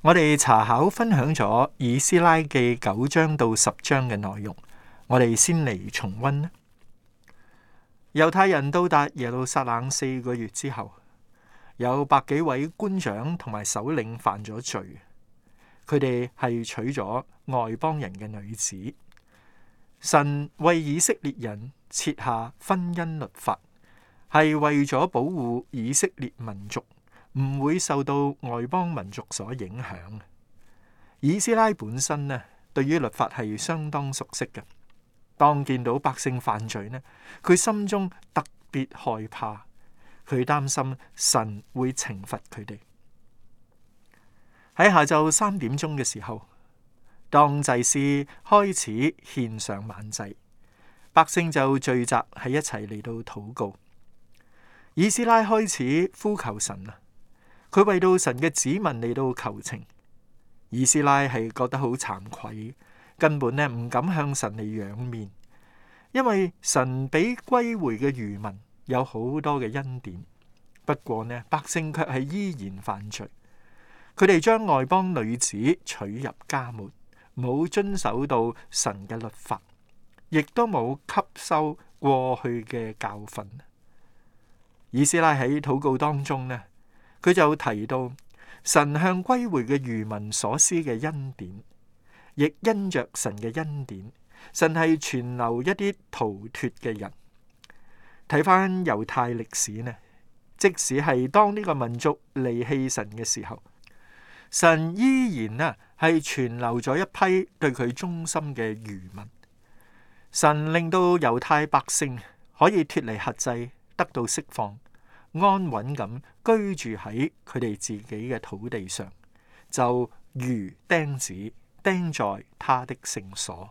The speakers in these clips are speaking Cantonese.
我哋查考分享咗以斯拉記九章到十章嘅內容，我哋先嚟重溫。猶太人到達耶路撒冷四個月之後，有百幾位官長同埋首領犯咗罪，佢哋係娶咗外邦人嘅女子。神為以色列人設下婚姻律法，係為咗保護以色列民族。唔會受到外邦民族所影響。以斯拉本身呢，對於律法係相當熟悉嘅。當見到百姓犯罪呢，佢心中特別害怕，佢擔心神會懲罰佢哋。喺下晝三點鐘嘅時候，當祭司開始獻上晚祭，百姓就聚集喺一齊嚟到禱告。以斯拉開始呼求神啊！佢為到神嘅子民嚟到求情，以斯拉係覺得好慚愧，根本咧唔敢向神嚟仰面，因為神俾歸回嘅餘民有好多嘅恩典，不過呢百姓卻係依然犯罪，佢哋將外邦女子娶入家門，冇遵守到神嘅律法，亦都冇吸收過去嘅教訓。以斯拉喺禱告當中呢，佢就提到，神向歸回嘅愚民所施嘅恩典，亦因着神嘅恩典，神係存留一啲逃脫嘅人。睇翻猶太歷史呢，即使係當呢個民族離棄神嘅時候，神依然啊，係存留咗一批對佢忠心嘅愚民。神令到猶太百姓可以脫離轄制，得到釋放。安穩咁居住喺佢哋自己嘅土地上，就如釘子釘在他的聖所。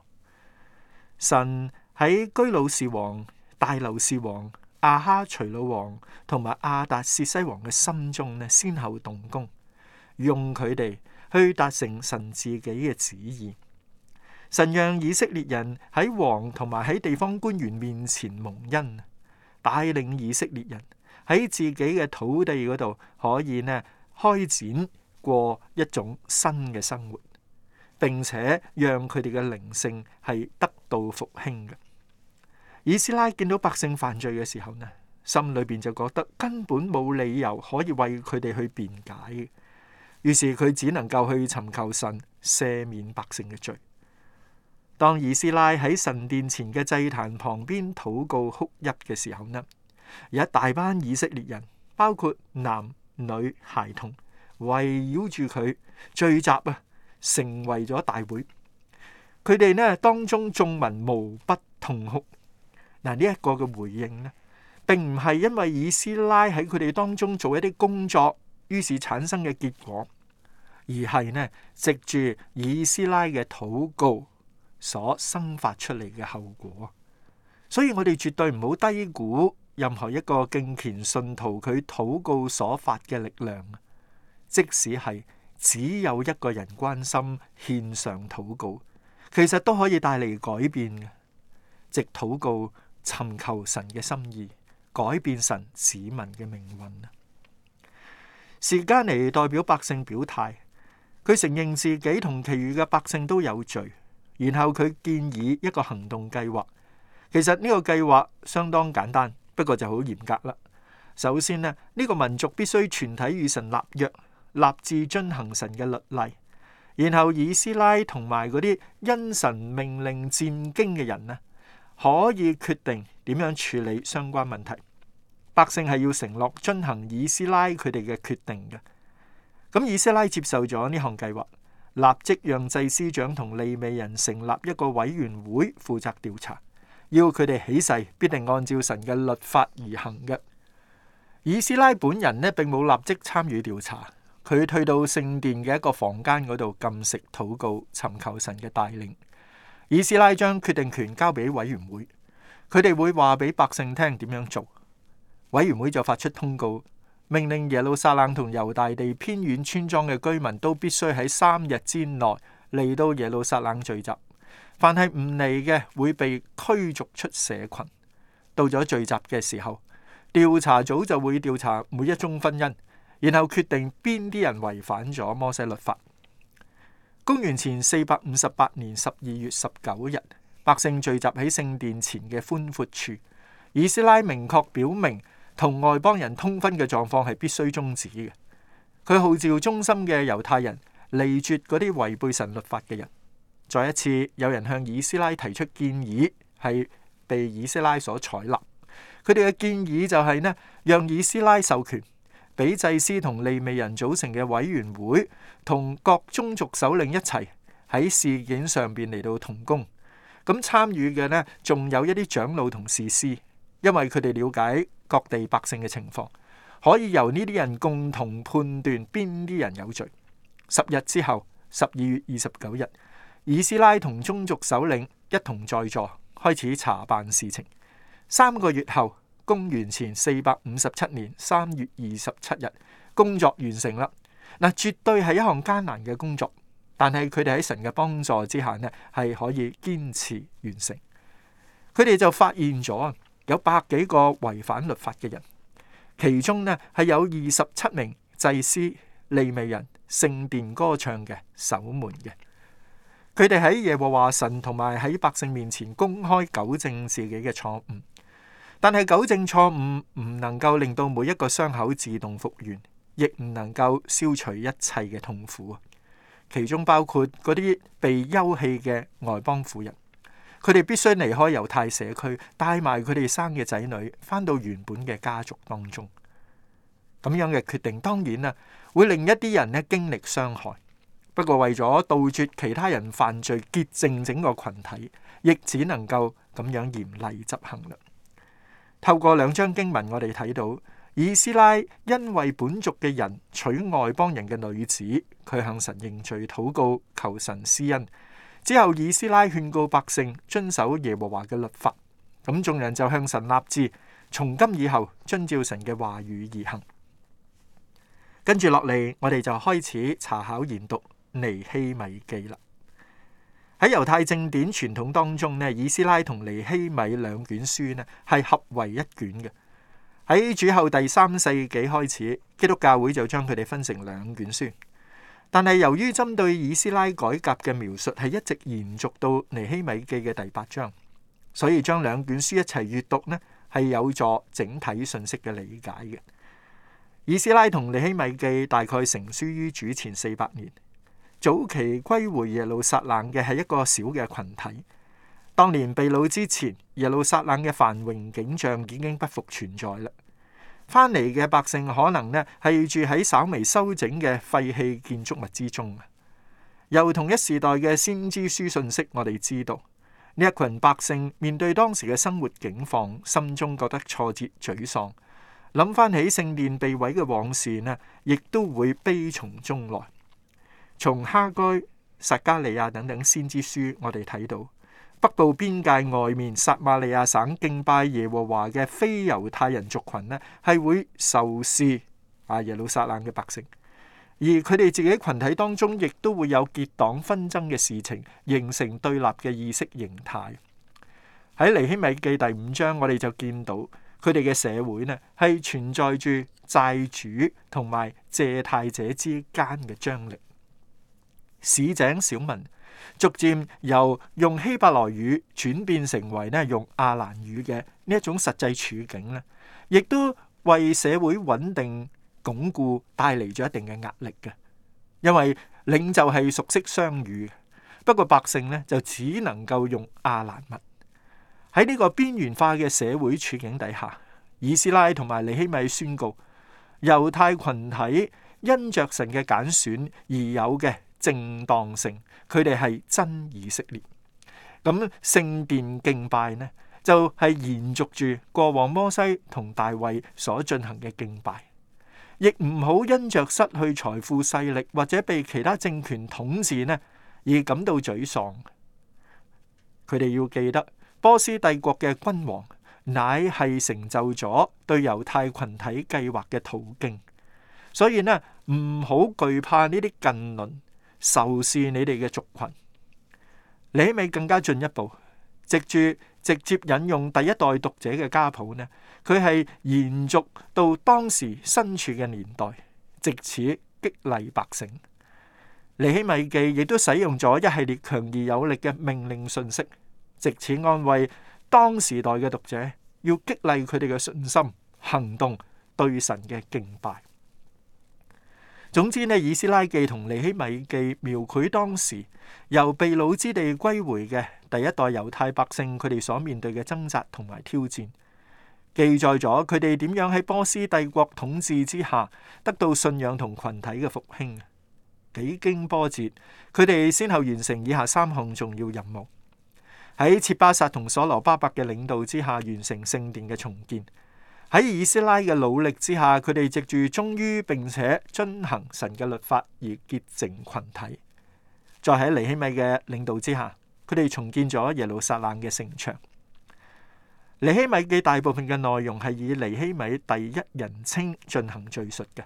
神喺居魯士王、大流士王、阿哈隨魯王同埋阿達薛西王嘅心中呢，先後動工，用佢哋去達成神自己嘅旨意。神讓以色列人喺王同埋喺地方官員面前蒙恩，帶領以色列人。喺自己嘅土地嗰度，可以呢開展過一種新嘅生活，並且讓佢哋嘅靈性係得到復興嘅。以斯拉見到百姓犯罪嘅時候呢，心裏邊就覺得根本冇理由可以為佢哋去辯解，於是佢只能夠去尋求神赦免百姓嘅罪。當以斯拉喺神殿前嘅祭壇旁邊禱告哭泣嘅時候呢，有一大班以色列人，包括男女孩童，圍繞住佢聚集啊，成為咗大會。佢哋咧當中眾民無不痛哭。嗱，呢一個嘅回應咧，並唔係因為以斯拉喺佢哋當中做一啲工作，於是產生嘅結果，而係咧藉住以斯拉嘅禱告所生發出嚟嘅後果。所以我哋絕對唔好低估。任何一個敬虔信徒，佢禱告所發嘅力量，即使係只有一個人關心獻上禱告，其實都可以帶嚟改變嘅。直禱告尋求神嘅心意，改變神子民嘅命運啊。示迦尼代表百姓表態，佢承認自己同其餘嘅百姓都有罪，然後佢建議一個行動計劃。其實呢個計劃相當簡單。不過就好嚴格啦。首先呢，呢個民族必須全體與神立約，立志遵行神嘅律例。然後，以斯拉同埋嗰啲因神命令戰兢嘅人呢，可以決定點樣處理相關問題。百姓係要承諾遵行以斯拉佢哋嘅決定嘅。咁，以斯拉接受咗呢項計劃，立即讓祭司長同利未人成立一個委員會負責調查。要佢哋起誓，必定按照神嘅律法而行嘅。以斯拉本人呢，並冇立即參與調查，佢退到聖殿嘅一個房間嗰度禁食禱告，尋求神嘅帶領。以斯拉將決定權交俾委員會，佢哋會話俾百姓聽點樣做。委員會就發出通告，命令耶路撒冷同猶大地偏遠村莊嘅居民都必須喺三日之內嚟到耶路撒冷聚集。凡係唔嚟嘅，會被驅逐出社群。到咗聚集嘅時候，調查組就會調查每一宗婚姻，然後決定邊啲人違反咗摩西律法。公元前四百五十八年十二月十九日，百姓聚集喺聖殿前嘅寬闊處，以斯拉明確表明同外邦人通婚嘅狀況係必須終止嘅。佢號召忠心嘅猶太人離絕嗰啲違背神律法嘅人。再一次，有人向以斯拉提出建議，係被以斯拉所採納。佢哋嘅建議就係呢，讓以斯拉授權俾祭司同利未人組成嘅委員會，同各宗族首領一齊喺事件上邊嚟到同工。咁參與嘅呢，仲有一啲長老同士師，因為佢哋了解各地百姓嘅情況，可以由呢啲人共同判斷邊啲人有罪。十日之後，十二月二十九日。以斯拉同宗族首領一同在座，開始查辦事情。三個月後，公元前四百五十七年三月二十七日，工作完成啦。嗱，絕對係一項艱難嘅工作，但係佢哋喺神嘅幫助之下呢，係可以堅持完成。佢哋就發現咗啊，有百幾個違反律法嘅人，其中呢係有二十七名祭司、利未人、聖殿歌唱嘅、守門嘅。佢哋喺耶和華神同埋喺百姓面前公開糾正自己嘅錯誤，但係糾正錯誤唔能夠令到每一個傷口自動復原，亦唔能夠消除一切嘅痛苦啊！其中包括嗰啲被休棄嘅外邦婦人，佢哋必須離開猶太社區，帶埋佢哋生嘅仔女翻到原本嘅家族當中。咁樣嘅決定，當然啦，會令一啲人呢經歷傷害。不過為咗杜絕其他人犯罪，潔淨整個群體，亦只能夠咁樣嚴厲執行嘞。透過兩章經文，我哋睇到以斯拉因為本族嘅人娶外邦人嘅女子，佢向神認罪、禱告、求神施恩。之後，以斯拉勸告百姓遵守耶和華嘅律法，咁眾人就向神立志，從今以後遵照神嘅話語而行。跟住落嚟，我哋就開始查考研讀。尼希米記啦，喺猶太正典傳統當中呢，以斯拉同尼希米兩卷書呢係合為一卷嘅。喺主後第三世紀開始，基督教會就將佢哋分成兩卷書。但係由於針對以斯拉改革嘅描述係一直延續到尼希米記嘅第八章，所以將兩卷書一齊閱讀呢係有助整體信息嘅理解嘅。以斯拉同尼希米記大概成書於主前四百年。早期歸回耶路撒冷嘅係一個小嘅群體。當年被擄之前，耶路撒冷嘅繁榮景象已經不復存在啦。翻嚟嘅百姓可能呢係住喺稍微修整嘅廢棄建築物之中啊。由同一時代嘅先知書信息，我哋知道呢一群百姓面對當時嘅生活境況，心中覺得挫折、沮喪。諗翻起聖殿被毀嘅往事呢亦都會悲從中來。從哈該、撒加利亞等等先知書我，我哋睇到北部邊界外面，撒瑪利亞省敬拜耶和華嘅非猶太人族群呢，呢係會仇視啊耶路撒冷嘅百姓，而佢哋自己群體當中，亦都會有結黨紛爭嘅事情，形成對立嘅意識形態。喺尼希米記第五章，我哋就見到佢哋嘅社會呢係存在住債主同埋借貸者之間嘅張力。市井小民逐漸由用希伯來語轉變成為咧用阿蘭語嘅呢一種實際處境咧，亦都為社會穩定鞏固帶嚟咗一定嘅壓力嘅。因為領袖係熟悉雙語，不過百姓咧就只能夠用阿蘭語。喺呢個邊緣化嘅社會處境底下，以斯拉同埋尼希米宣告猶太群體因着神嘅揀選而有嘅正當性，佢哋係真以色列。咁聖殿敬拜呢，就係延續住過往摩西同大衛所進行嘅敬拜，亦唔好因着失去財富勢力或者被其他政權統治呢而感到沮喪，佢哋要記得，波斯帝國嘅君王乃係成就咗對猶太群體計劃嘅途徑，所以呢唔好懼怕呢啲近鄰。仇視你哋嘅族群，尼希米更加進一步，藉着直接引用第一代讀者嘅家譜呢，佢係延續到當時身處嘅年代，借此激勵百姓。尼希米記亦都使用咗一系列強而有力嘅命令信息，借此安慰當時代嘅讀者，要激勵佢哋嘅信心、行動、對神嘅敬拜。總之呢，以斯拉記同尼希米記描繪當時由被擄之地歸回嘅第一代猶太百姓，佢哋所面對嘅掙扎同埋挑戰，記載咗佢哋點樣喺波斯帝國統治之下得到信仰同群體嘅復興。幾經波折，佢哋先後完成以下三項重要任務：喺切巴撒同所羅巴伯嘅領導之下，完成聖殿嘅重建。喺以斯拉嘅努力之下，佢哋藉住忠於並且遵行神嘅律法而結成群體。再喺尼希米嘅領導之下，佢哋重建咗耶路撒冷嘅城牆。尼希米嘅大部分嘅內容係以尼希米第一人稱進行敘述嘅。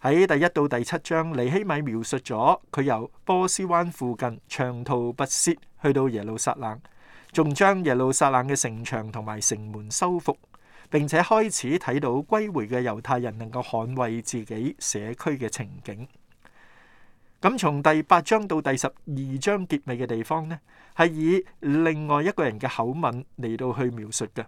喺第一到第七章，尼希米描述咗佢由波斯灣附近長途跋涉去到耶路撒冷，仲將耶路撒冷嘅城牆同埋城門修復。並且開始睇到歸回嘅猶太人能夠捍衛自己社區嘅情景。咁從第八章到第十二章結尾嘅地方呢，係以另外一個人嘅口吻嚟到去描述嘅，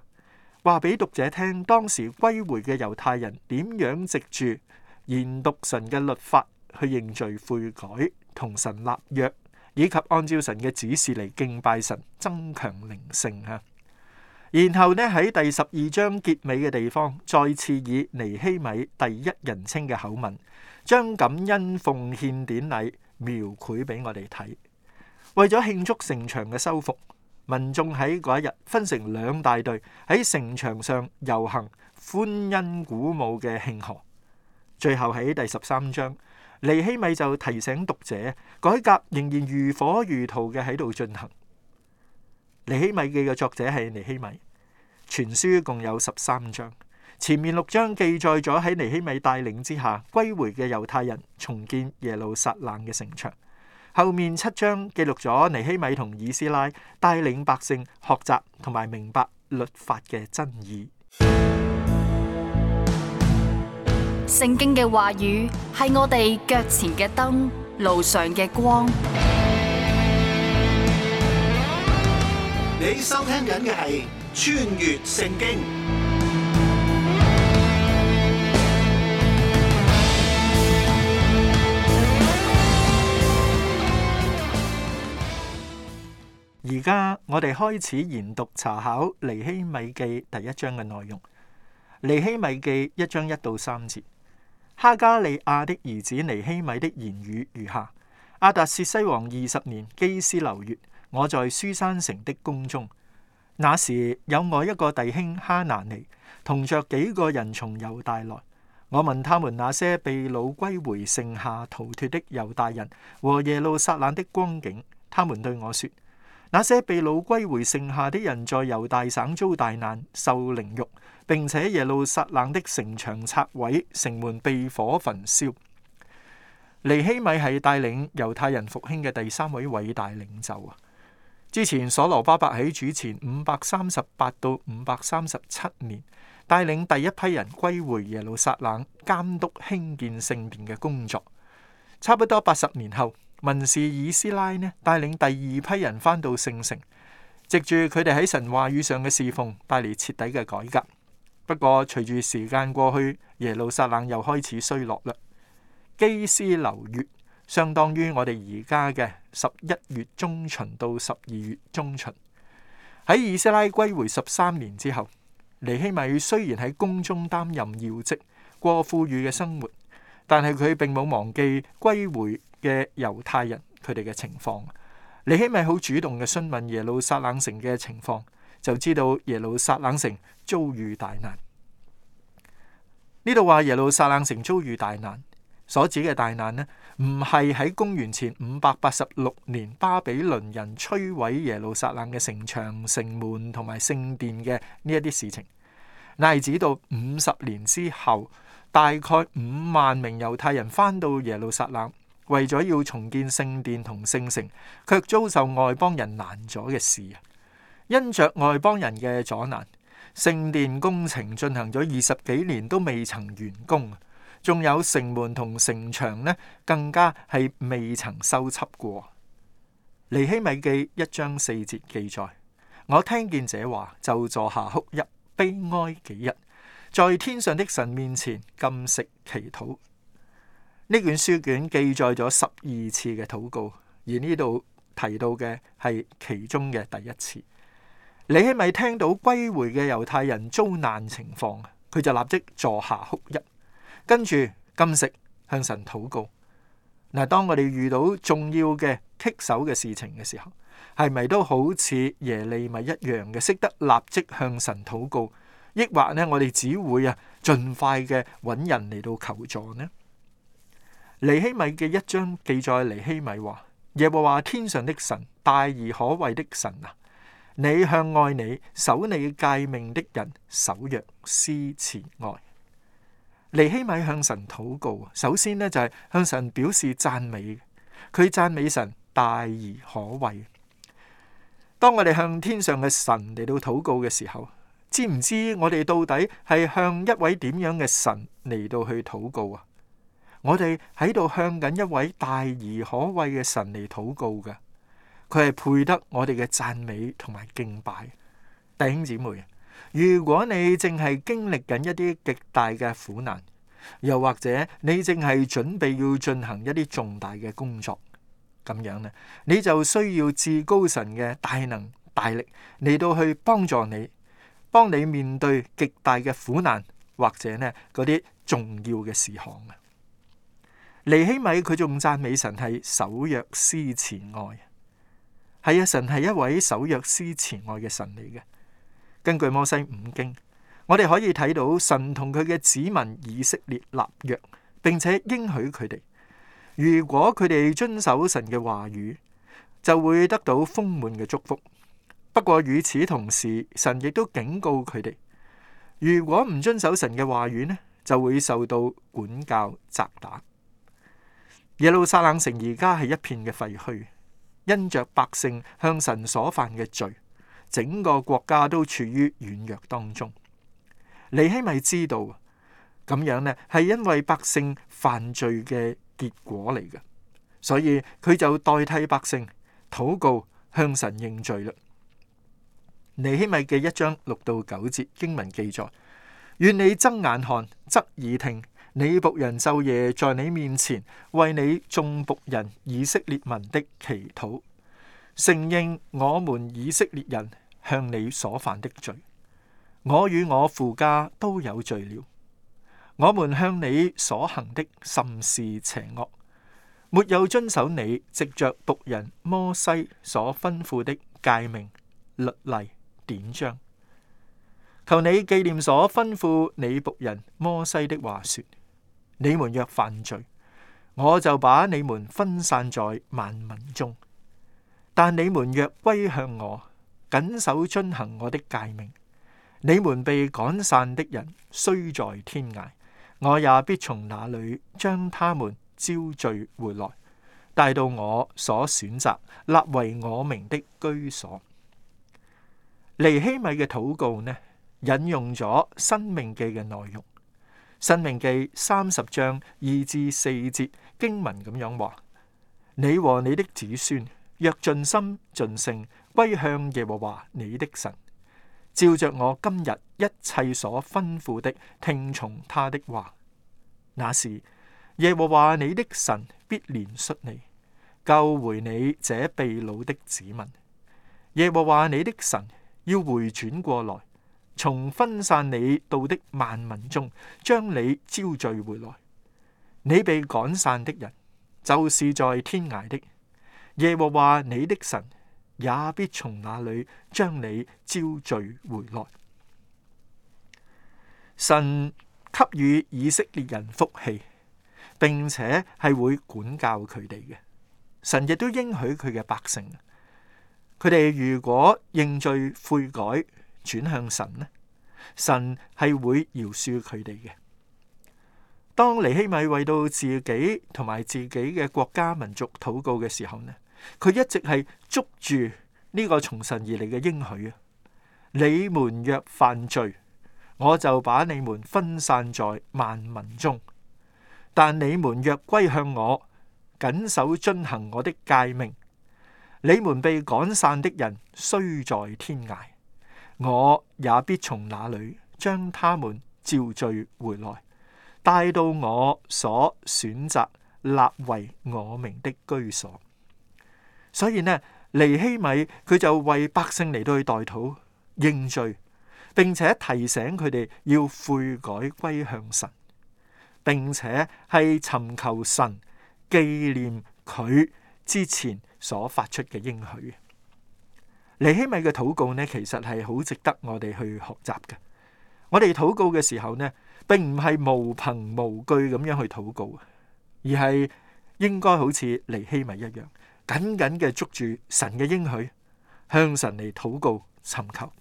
話俾讀者聽，當時歸回嘅猶太人點樣藉住研讀神嘅律法去認罪悔改，同神立約，以及按照神嘅指示嚟敬拜神，增強靈性啊！然後呢，喺第十二章結尾嘅地方，再次以尼希米第一人稱嘅口吻，將感恩奉獻典禮描繪俾我哋睇。為咗慶祝城牆嘅修復，民眾喺嗰一日分成兩大隊喺城牆上遊行，歡欣鼓舞嘅慶賀。最後喺第十三章，尼希米就提醒讀者，改革仍然如火如荼嘅喺度進行。尼希米記嘅作者係尼希米，全書共有十三章，前面六章記載咗喺尼希米帶領之下歸回嘅猶太人重建耶路撒冷嘅城牆，後面七章記錄咗尼希米同以斯拉帶領百姓學習同埋明白律法嘅真義。聖經嘅話語係我哋腳前嘅燈，路上嘅光。你收聽緊嘅係《穿越聖經》。而家我哋開始研讀查考尼希米記第一章嘅內容。尼希米記一章一到三節。哈加利亞的兒子尼希米的言語如下：阿達薛西王二十年基斯流月。我在書山城的宮中，那時有我一個弟兄哈拿尼同着幾個人從猶大來。我問他們那些被擄歸回剩下逃脫的猶大人和耶路撒冷的光景，他們對我說：那些被擄歸回剩下的人在猶大省遭大難，受凌辱，並且耶路撒冷的城牆拆毀，城門被火焚燒。尼希米係帶領猶太人復興嘅第三位偉大領袖啊！之前所羅巴伯喺主前五百三十八到五百三十七年，帶領第一批人歸回耶路撒冷，監督興建聖殿嘅工作。差不多八十年後，文士以斯拉呢，帶領第二批人翻到聖城，藉住佢哋喺神話語上嘅侍奉，帶嚟徹底嘅改革。不過隨住時間過去，耶路撒冷又開始衰落啦。基斯流月。相當於我哋而家嘅十一月中旬到十二月中旬。喺以斯拉歸回十三年之後，尼希米雖然喺宮中擔任要職，過富裕嘅生活，但係佢並冇忘記歸回嘅猶太人。佢哋嘅情況。尼希米好主動嘅詢問耶路撒冷城嘅情況，就知道耶路撒冷城遭遇大難。呢度話耶路撒冷城遭遇大難，所指嘅大難呢？唔係喺公元前五百八十六年巴比倫人摧毀耶路撒冷嘅城牆、城門同埋聖殿嘅呢一啲事情，乃係指到五十年之後，大概五萬名猶太人翻到耶路撒冷，為咗要重建聖殿同聖城，卻遭受外邦人難阻嘅事啊！因着外邦人嘅阻難，聖殿工程進行咗二十幾年都未曾完工。仲有城門同城牆呢，更加係未曾修葺過。尼希米記一章四節記載：我聽見這話，就坐下哭泣，悲哀幾日，在天上的神面前禁食祈禱。呢卷書卷記載咗十二次嘅禱告，而呢度提到嘅係其中嘅第一次。尼希米聽到歸回嘅猶太人遭難情況，佢就立即坐下哭泣。跟住，禁食向神禱告。嗱，當我哋遇到重要嘅棘手嘅事情嘅時候，係咪都好似耶利米一樣嘅，識得立即向神禱告，抑或呢我哋只會啊盡快嘅揾人嚟到求助呢？尼希米嘅一章記載，尼希米話：耶和華天上的神，大而可畏的神啊，你向愛你守你誡命的人守約施慈愛。尼希米向神禱告，首先咧就係向神表示讚美，佢讚美神大而可畏。當我哋向天上嘅神嚟到禱告嘅時候，知唔知我哋到底係向一位點樣嘅神嚟到去禱告啊？我哋喺度向緊一位大而可畏嘅神嚟禱告㗎，佢係配得我哋嘅讚美同埋敬拜，弟兄姊妹。如果你正係經歷緊一啲極大嘅苦難，又或者你正係準備要進行一啲重大嘅工作，咁樣呢，你就需要至高神嘅大能大力嚟到去幫助你，幫你面對極大嘅苦難或者呢嗰啲重要嘅事項啊！尼希米佢仲讚美神係守約施慈愛，係啊，神係一位守約施慈愛嘅神嚟嘅。根據摩西五經，我哋可以睇到神同佢嘅子民以色列立約，並且應許佢哋，如果佢哋遵守神嘅話語，就會得到豐滿嘅祝福。不過與此同時，神亦都警告佢哋，如果唔遵守神嘅話語呢，就會受到管教責打。耶路撒冷城而家係一片嘅廢墟，因着百姓向神所犯嘅罪。整個國家都處於軟弱當中，尼希米知道咁樣呢係因為百姓犯罪嘅結果嚟嘅，所以佢就代替百姓禱告向神認罪啦。尼希米嘅一章六到九節經文記載：願你睜眼看，側耳聽，你僕人晝夜在你面前為你眾僕人以色列民的祈禱。承認我們以色列人向你所犯的罪，我與我父家都有罪了。我們向你所行的甚是邪惡，沒有遵守你藉着僕人摩西所吩咐的誡命、律例、典章。求你紀念所吩咐你僕人摩西的話說：你們若犯罪，我就把你們分散在萬民中。但你們若歸向我，謹守遵行我的誡命，你們被趕散的人雖在天涯，我也必從那裏將他們招聚回來，帶到我所選擇立為我名的居所。尼希米嘅禱告呢，引用咗申命記嘅內容，申命記三十章二至四節經文咁樣話：你和你的子孫。若盡心盡性歸向耶和華你的神，照着我今日一切所吩咐的聽從他的話，那時耶和華你的神必憐恤你，救回你這被擄的子民。耶和華你的神要回轉過來，從分散你到的萬民中將你招聚回來。你被趕散的人，就是在天涯的。耶和華你的神也必從那裏將你招聚回來。神給予以色列人福氣，並且係會管教佢哋嘅。神亦都應許佢嘅百姓，佢哋如果認罪悔改，轉向神呢，神係會饒恕佢哋嘅。當尼希米為到自己同埋自己嘅國家民族禱告嘅時候呢，佢一直係捉住呢個從神而嚟嘅應許啊。你們若犯罪，我就把你們分散在萬民中；但你們若歸向我，謹守遵行我的誡命，你們被趕散的人雖在天涯，我也必從那裏將他們召聚回來，帶到我所選擇立為我名的居所。所以呢，尼希米佢就為百姓嚟到去代禱認罪，並且提醒佢哋要悔改歸向神，並且係尋求神紀念佢之前所發出嘅應許。尼希米嘅禱告呢，其實係好值得我哋去學習嘅。我哋禱告嘅時候呢，並唔係無憑無據咁樣去禱告，而係應該好似尼希米一樣。緊緊嘅捉住神嘅應許，向神嚟禱告尋求。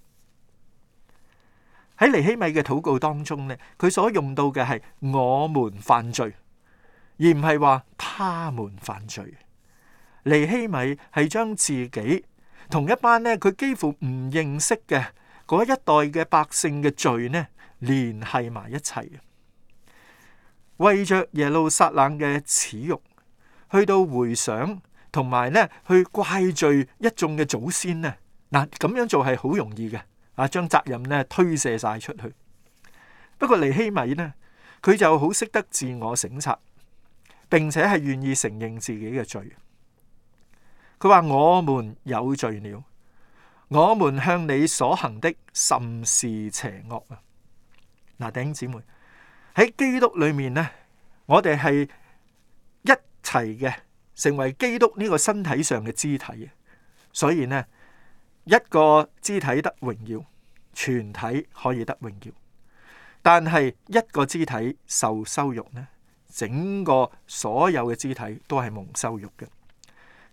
喺尼希米嘅禱告當中咧，佢所用到嘅係我們犯罪，而唔係話他們犯罪。尼希米係將自己同一班咧，佢幾乎唔認識嘅嗰一代嘅百姓嘅罪咧，聯繫埋一齊，為着耶路撒冷嘅恥辱，去到回想。同埋咧，去怪罪一眾嘅祖先咧，嗱咁樣做係好容易嘅，啊，將責任咧推卸晒出去。不過尼希米咧，佢就好識得自我省察，並且係願意承認自己嘅罪。佢話：我們有罪了，我們向你所行的甚是邪惡啊！嗱，弟兄姊妹喺基督裏面咧，我哋係一齊嘅。成為基督呢個身體上嘅肢體，所以呢一個肢體得榮耀，全體可以得榮耀。但係一個肢體受羞辱呢，整個所有嘅肢體都係蒙羞辱嘅。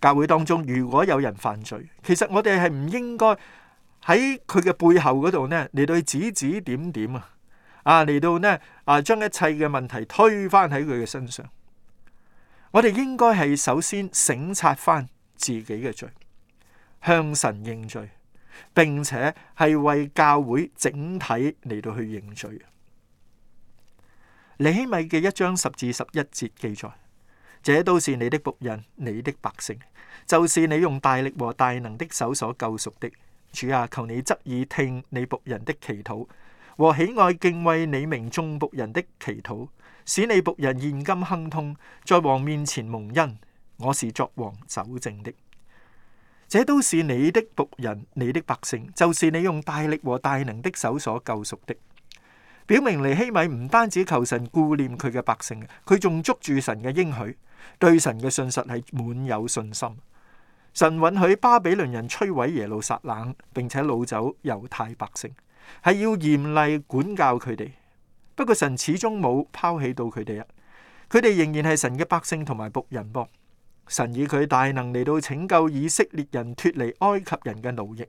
教會當中如果有人犯罪，其實我哋係唔應該喺佢嘅背後嗰度呢嚟到指指點點啊，啊嚟到呢啊將一切嘅問題推返喺佢嘅身上。我哋應該係首先省察翻自己嘅罪，向神認罪，並且係為教會整體嚟到去認罪。尼希米嘅一章十至十一節記載：這都是你的僕人，你的百姓，就是你用大力和大能的手所救贖的。主啊，求你側耳聽你僕人的祈禱，和喜愛敬畏你名眾僕人的祈禱。使你僕人現今亨通，在王面前蒙恩，我是作王酒政的。這都是你的僕人，你的百姓，就是你用大力和大能的手所救贖的。表明尼希米唔單止求神顧念佢嘅百姓，佢仲捉住神嘅應許，對神嘅信實係滿有信心。神允許巴比倫人摧毀耶路撒冷，並且擄走猶太百姓，係要嚴厲管教佢哋。不過神始終冇拋棄到佢哋啊！佢哋仍然係神嘅百姓同埋僕人噃。神以佢大能嚟到拯救以色列人脱離埃及人嘅奴役，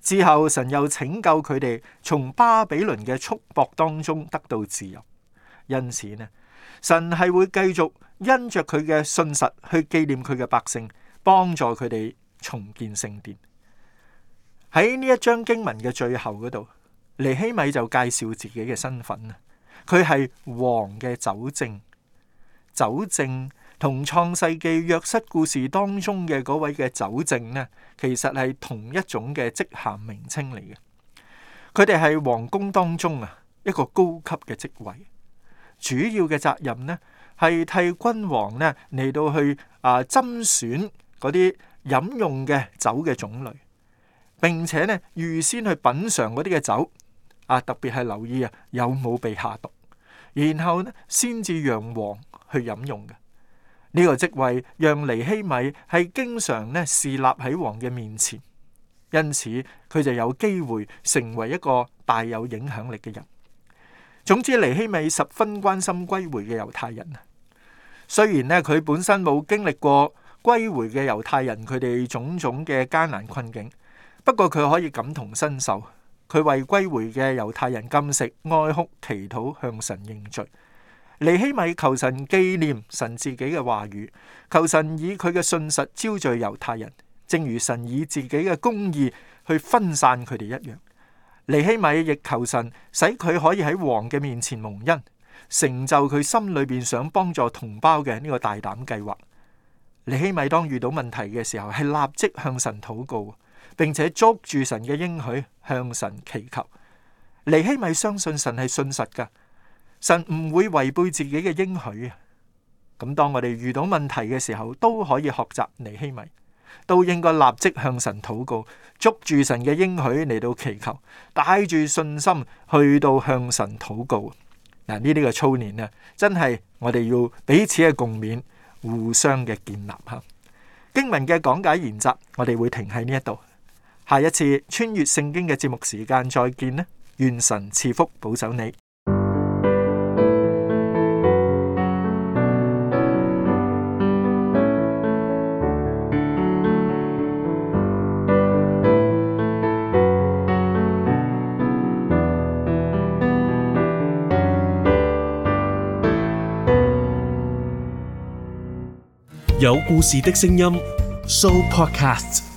之後神又拯救佢哋從巴比倫嘅束縛當中得到自由。因此呢，神係會繼續因着佢嘅信實去紀念佢嘅百姓，幫助佢哋重建聖殿。喺呢一章經文嘅最後嗰度，尼希米就介紹自己嘅身份。佢係王嘅酒政，酒政同《創世記》約瑟故事當中嘅嗰位嘅酒政呢，其實係同一種嘅職銜名稱嚟嘅。佢哋係皇宮當中啊一個高級嘅職位，主要嘅責任呢係替君王呢嚟到去啊斟選嗰啲飲用嘅酒嘅種類，並且呢預先去品嘗嗰啲嘅酒啊，特別係留意啊有冇被下毒。然後咧，先至讓王去飲用嘅呢、呢個職位，讓尼希米係經常咧侍立喺王嘅面前，因此佢就有機會成為一個大有影響力嘅人。總之，尼希米十分關心歸回嘅猶太人啊！雖然咧佢本身冇經歷過歸回嘅猶太人佢哋種種嘅艱難困境，不過佢可以感同身受。佢為歸回嘅猶太人禁食、哀哭、祈禱，向神認罪。尼希米求神紀念神自己嘅話語，求神以佢嘅信實招聚猶太人，正如神以自己嘅公義去分散佢哋一樣。尼希米亦求神使佢可以喺王嘅面前蒙恩，成就佢心裏邊想幫助同胞嘅呢個大膽計劃。尼希米當遇到問題嘅時候，係立即向神禱告。並且捉住神嘅應許，向神祈求。尼希米相信神係信實噶，神唔會違背自己嘅應許。咁當我哋遇到問題嘅時候，都可以學習尼希米，都應該立即向神禱告，捉住神嘅應許嚟到祈求，帶住信心去到向神禱告。嗱，呢啲個操練啊，真係我哋要彼此嘅共勉，互相嘅建立吓經文嘅講解原則，我哋會停喺呢一度。下一次穿越聖經嘅節目時間再見呢，願神賜福保守你。有故事的聲音，Show Podcast。